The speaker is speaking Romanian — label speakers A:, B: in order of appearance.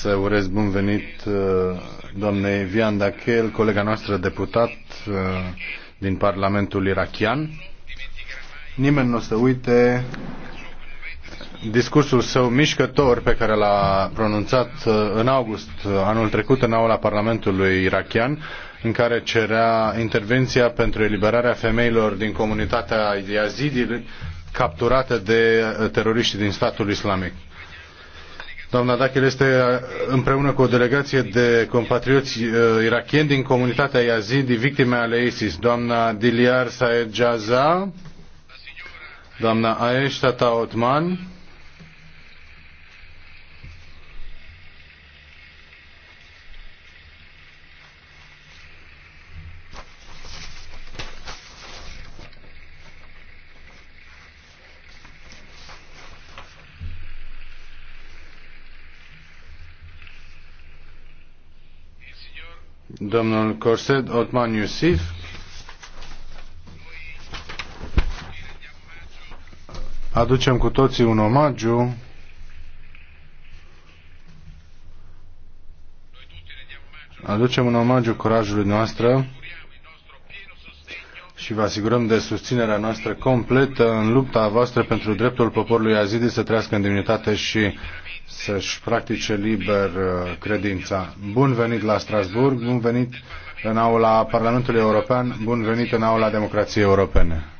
A: să urez bun venit uh, doamnei Vian Dachel, colega noastră deputat uh, din Parlamentul irachian. Nimeni nu o să uite discursul său mișcător pe care l-a pronunțat uh, în august anul trecut în aula Parlamentului irachian, în care cerea intervenția pentru eliberarea femeilor din comunitatea Yazidi capturate de teroriștii din statul islamic. Doamna Dachel este uh, împreună cu o delegație de compatrioți uh, irakieni din comunitatea Yazidi, victime ale ISIS. Doamna Diliar Saed Jaza, doamna Aesh Tata domnul Corset Otman Iusif. Aducem cu toții un omagiu aducem un omagiu curajului noastră și vă asigurăm de susținerea noastră completă în lupta voastră pentru dreptul poporului azidi să trăiască în demnitate și să-și practice liber uh, credința. Bun venit la Strasburg, bun venit în aula Parlamentului European, bun venit în aula democrației europene.